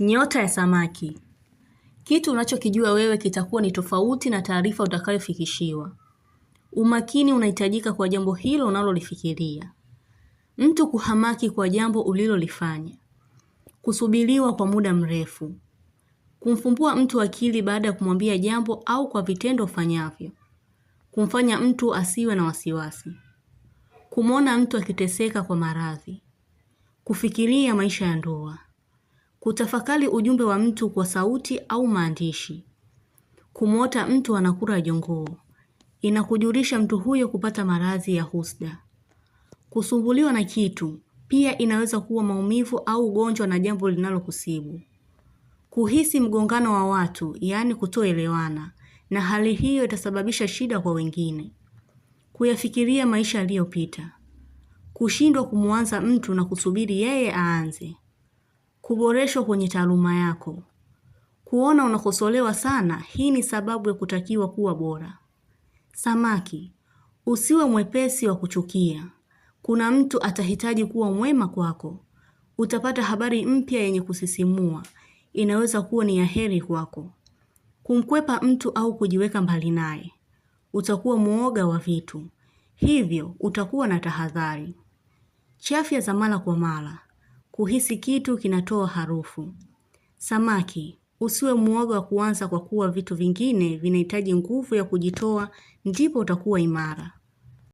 Nyota ya samaki. Kitu unachokijua wewe kitakuwa ni tofauti na taarifa utakayofikishiwa. Umakini unahitajika kwa jambo hilo unalolifikiria. Mtu kuhamaki kwa jambo ulilolifanya. Kusubiriwa kwa muda mrefu. Kumfumbua mtu akili baada ya kumwambia jambo au kwa vitendo ufanyavyo. Kumfanya mtu asiwe na wasiwasi. Kumwona mtu akiteseka kwa maradhi. Kufikiria maisha ya ndoa kutafakari ujumbe wa mtu kwa sauti au maandishi, kumwota mtu anakula jongoo, inakujulisha mtu huyo kupata maradhi ya husda. Kusumbuliwa na kitu pia inaweza kuwa maumivu au ugonjwa na jambo linalokusibu. Kuhisi mgongano wa watu, yaani kutoelewana, na hali hiyo itasababisha shida kwa wengine. Kuyafikiria maisha yaliyopita, kushindwa kumwanza mtu na kusubiri yeye aanze kuboreshwa kwenye taaluma yako. Kuona unakosolewa sana, hii ni sababu ya kutakiwa kuwa bora. Samaki, usiwe mwepesi wa kuchukia. Kuna mtu atahitaji kuwa mwema kwako. Utapata habari mpya yenye kusisimua, inaweza kuwa ni ya heri kwako. Kumkwepa mtu au kujiweka mbali naye, utakuwa mwoga wa vitu, hivyo utakuwa na tahadhari. Chafya za mara kwa mara, kuhisi kitu kinatoa harufu. Samaki, usiwe mwoga wa kuanza kwa kuwa vitu vingine vinahitaji nguvu ya kujitoa ndipo utakuwa imara.